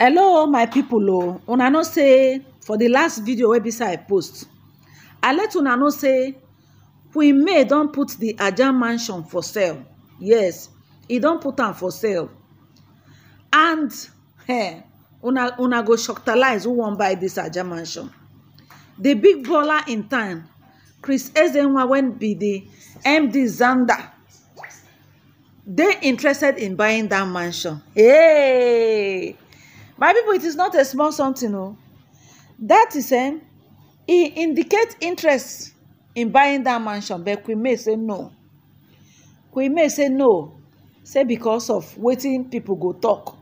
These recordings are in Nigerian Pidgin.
hello my people o oh. una know say for the last video wey beside i post i let una know say queen may don put the ajah mansion for sale yes e don put am for sale and eh, una una go shocktalize who wan buy this ajah mansion The big baller in town chris ezenwa wey be the md zander dey interested in buying that mansion hey my people it is not a small something o oh. that is um, e indicate interest in buying that mansion but Queen May say no Queen May say no say because of waiting people go talk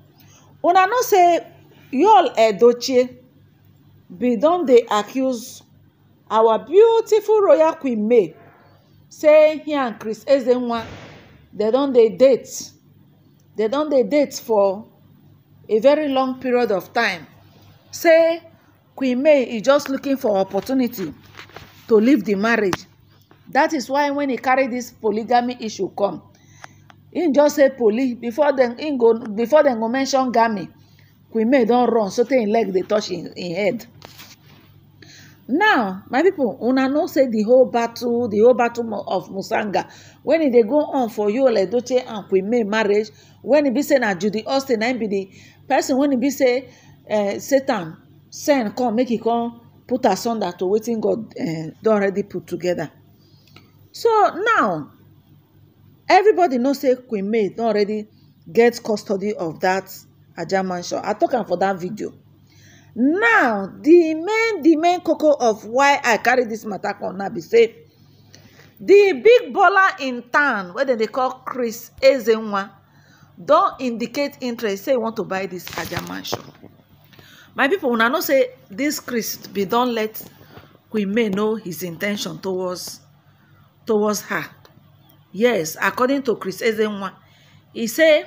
una know say Yul Edochie eh, bin don't they accuse our beautiful royal Queen May say he and Chris Ezenwa They don't they date They don't they date for a very long period of time say Queen May is just looking for opportunity to leave the marriage that is why when he carry this polygamy issue come He just say poly before then. him go before then. go mention gamy Queen May don't run sotey him leg they touch in him head now my people una know say the whole battle the whole battle of musanga when they go on for you Yul Edochie and Queen May marriage when e be say na Judy Austin na be the person wey e be say uh, satan send come make e come put asunder to wetin god uh, don already put together so now everybody know say queen may don already get custody of that ajah mansion i talk am for that video now the main the main koko of why i carry this matter come now be say the big baller in town wey dem dey call chris ezenwa don indicate interest say you want to buy this aja mansion my people, una know say this. christ be don let queen may know his intention towards towards her yes according to chris ezenwa e say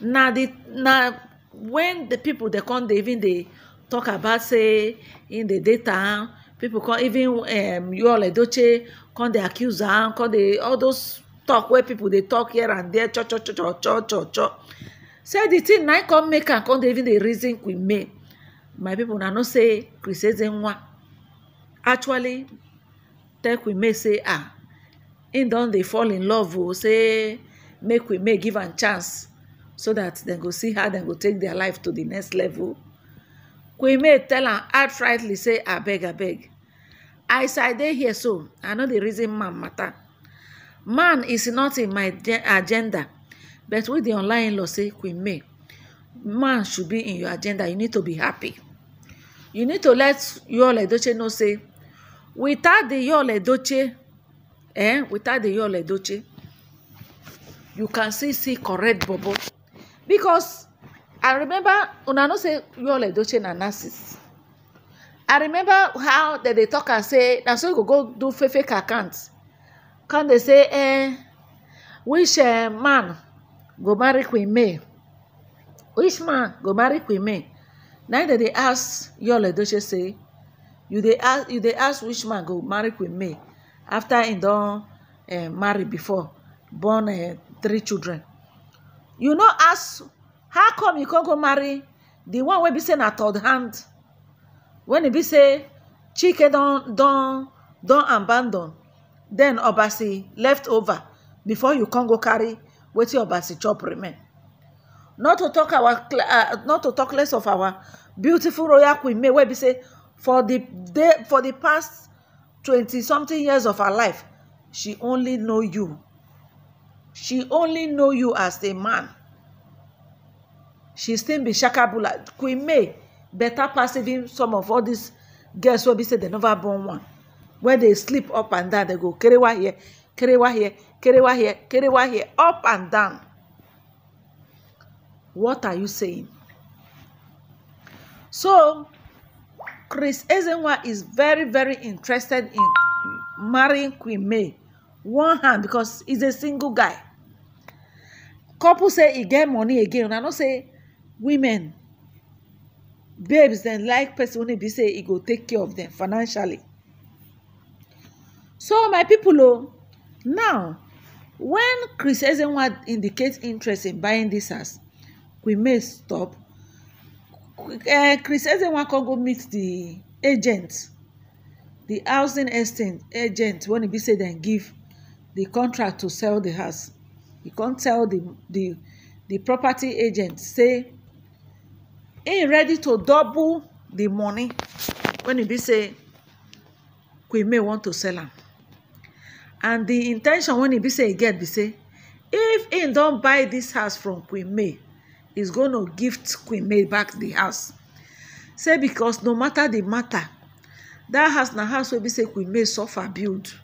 na when the people dey come dey even dey talk about say in the data, people come even um yool edoche come dey accuse am all those talk where people they talk here and there cho cho cho cho cho cho cho say the thing. na come make and come dey even the reason queen may my people na know say chris one. actually tell queen may say ah In don they fall in love o oh, say make queen may give a chance so that dem go see how dem go take their life to the next level queen may tell am outrightly say I beg I beg. i say they here so i know the reason man matter Man is not in my agenda. But with the online law say Queen May, man should be in your agenda. You need to be happy. You need to let Yul Edochie know say, without the Yul Edochie, eh, without the Yul Edochie, you can see see correct bobo. Because I remember una know say Yul Edochie na narcissist. I remember how they, they talk and say, na so you go go do fake fake accounts come dey say eh, which uh, man go marry queen may which man go marry queen may na dem dey ask yul edochie say you dey ask you dey ask which man go marry queen may after im don uh, marry before born uh, three children you no ask how come you come go marry the one wey be say na third hand when e be say chike don don don abandon then obasi left over before you can go carry your obasi chop remain not to talk our uh, not to talk less of our beautiful royal queen may we say for the day for the past 20 something years of her life she only know you she only know you as a man she still be shakabula queen may better pass even some of all these girls wey be say dem never born one Where they sleep up and down they go kerewa here kerewa here kerewa here kerewa here up and down what are you saying so chris ezenwa is very very interested in marrying queen may one hand because he's a single guy couple say he get money again i know say women babes then like person wey be say he go take care of them financially so my people oh, now when chris ezenwa indicates interest in buying this house we may stop uh, chris ezenwa can go meet the agent the housing estate agent when e be said and give the contract to sell the house e can't tell the the the property agent say he ready to double the money when e be say We may want to sell am and the in ten tion wey e be say e get be say if he don buy this house from queen may is gonna gift queen may back the house say because no matter the matter, that house na house wey be say queen may suffer build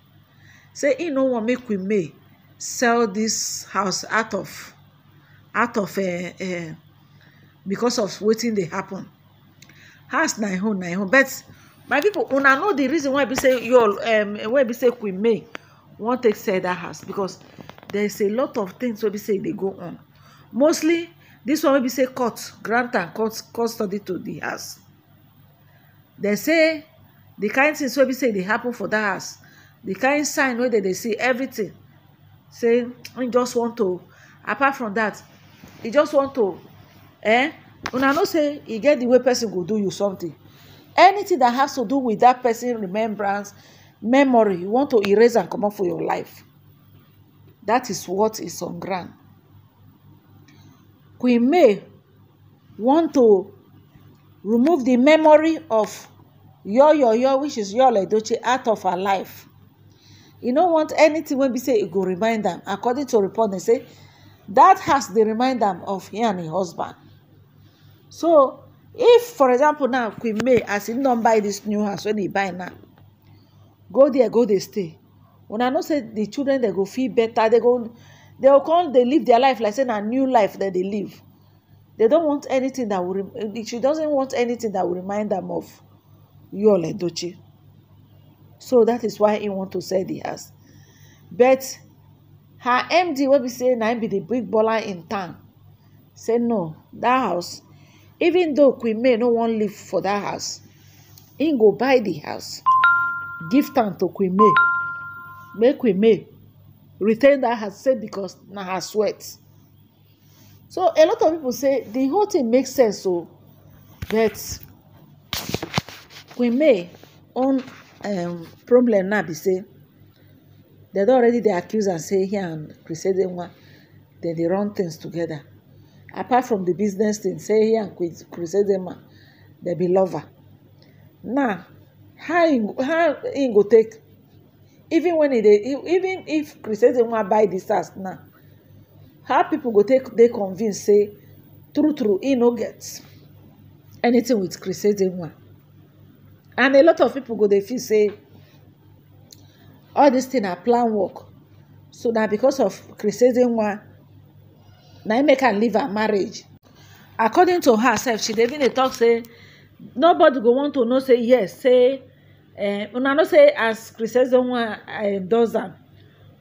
say he no wan make queen may sell this house out of out of uh, because of wetin dey happen house na im own na im own but my people, una know the reason why be say you um, why be say queen may wan take sell that house because there is a lot of things wey be say e dey go on mostly this one wey be say court grant am custody to the house dem say the kind things wey be say dey happen for that house The kind sign wey dem dey see everything say im just want to apart from that, e just want to eh una know say e get the way person go do you something anything that has to do with that person remembrance memory you want to erase and come out for your life that is what is on ground queen may want to remove the memory of your your your, which is your edochie out of her life You no want anything wey be say e go remind am according to report dem say that has dey remind am of him and him husband so if for example now queen may as e don buy this new house wey he buy now go there go dey stay una know say the children dem go feel better they go they go come dey live their life like say na new life dem dey live they don't want anything that will she doesn't want anything that will remind am of Yul Edochie so that is why he want to sell the house but her MD wey be say na him be the big baller in town say no that house even though Queen May no wan live for that house he go buy the house give am to queen may make queen may retain that her say because na her sweat so a lot of people say the whole thing make sense o but queen may own um, problem now be say dem don already dey accuse am say he and chris edenwa dem dey run things together apart from the business thing say he and chris edenwa dem be lover now how him how him go take even when he dey even if christianity wan buy this house now how people go take dey convince say true true he no get anything with christianity wan and a lot of people go dey feel say all this thing na plan work so na because of christianity wan na im make am leave her marriage according to herself she dey even dey talk say nobody go want to know say yes say Eh, una know say as chris ezenwa eh, endorse am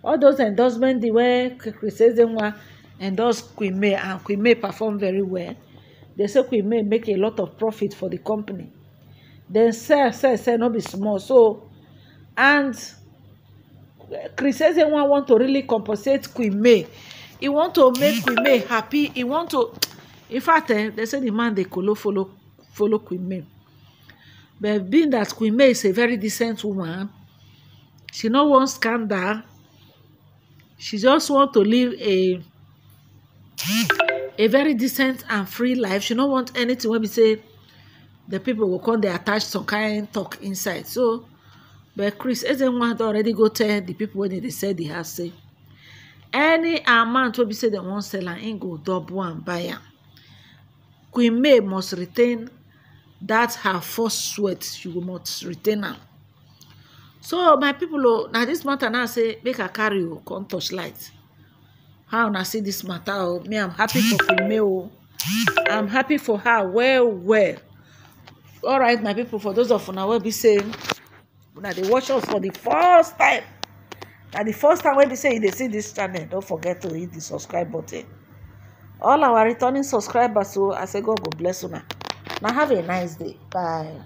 all those endorsement dey wey chris ezenwa endorse queen may and queen may perform very well dey say queen may make a lot of profit for the company dem sell sell sell no be small so and eh, chris ezenwa want to really compensate queen may e want to make queen may happy e want to in fact eh, dem say the man dey kolo follow follow queen may but being that Queen May is a very decent woman she no want scandal she just want to live a a very decent and free life she no want anything When we say the people will come they attach some kind talk inside so but chris ezenwa don already go tell the people when they said the house say any amount wey be say they wan sell am go double am buy queen may must retain that her first sweat she will not retain am so my people o oh, na this matter now say make i carry o come touch light how now see this matter o oh? me i'm happy for funmi o oh. i'm happy for her well well all right my people for those of you now will be saying, now they watch us for the first time na the first time when they say they see this channel don't forget to hit the subscribe button all our returning subscribers so i say god go bless you now. Now, have a nice day. Bye.